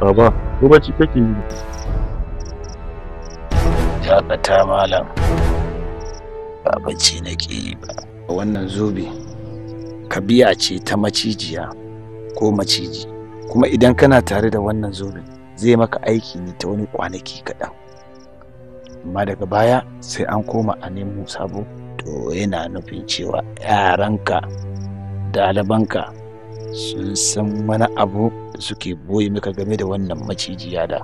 Baba, ko bacci kake yi? Dakata malam. Ba bacci nake yi ba. Wannan zobe kabiya ce ta macijiya ko maciji. Kuma idan kana tare da wannan zobe zai maka aiki ne ta wani kwanaki kaɗan. Amma daga baya sai an koma a nemo sabo to yana nufin cewa yaranka ɗalibanka sun san wani abu da suke boye maka game da wannan macijiya da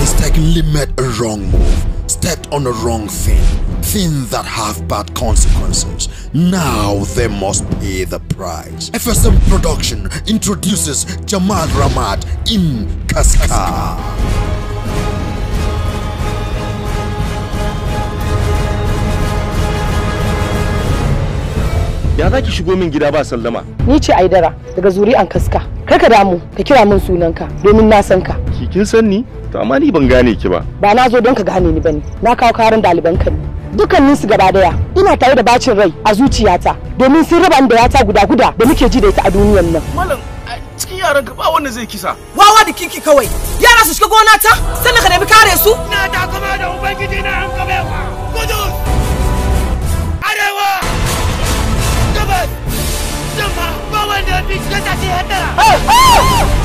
mistakenly made a wrong move stepped on a wrong thing things that have bad consequences now they must pay the price fsm production introduces jamal ramad in kaskar za ki shigo min gida ba sallama? Ni ce Aidara daga zuri'an kaska. Kar ka damu ka kira min sunanka domin na san ka. Ki kin san ni? To amma ni ban gane ki ba. Ba na zo don ka gane ni bane. Na kawo karin ɗaliban ka ne. dukkanin su gaba daya ina tare da bacin rai a zuciyata domin sun raba da yata guda guda da muke ji da ita a duniyar nan malam cikin yaran ka ba wanda zai kisa wawa da kiki kawai yara su shiga gona ta sannan ka nemi kare su na da da ubangiji na an kame oh, oh!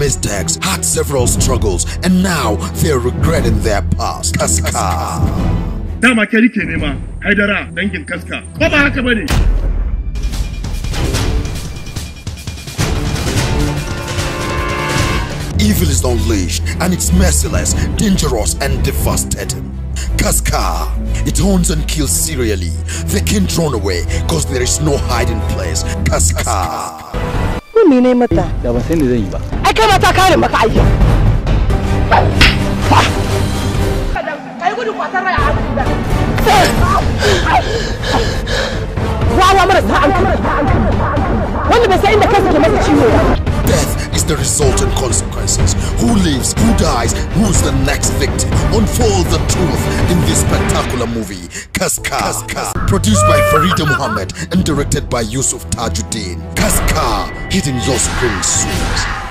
made had several struggles, and now they're regretting their past. Kaska. Dama ke rike nema, Haidara, dangin Kaska. Ko ba haka bane? Evil is unleashed, and it's merciless, dangerous, and devastating. Kaska. It hunts and kills serially. They can't run away because there is no hiding place. Kaska. death is the result and consequences. Who lives, who dies, who's the next victim? Unfold the truth in this particular movie, Kaskar, Kaskar. produced by Farida Muhammad and directed by Yusuf Tajuddin. Kaskar, hitting your screen soon.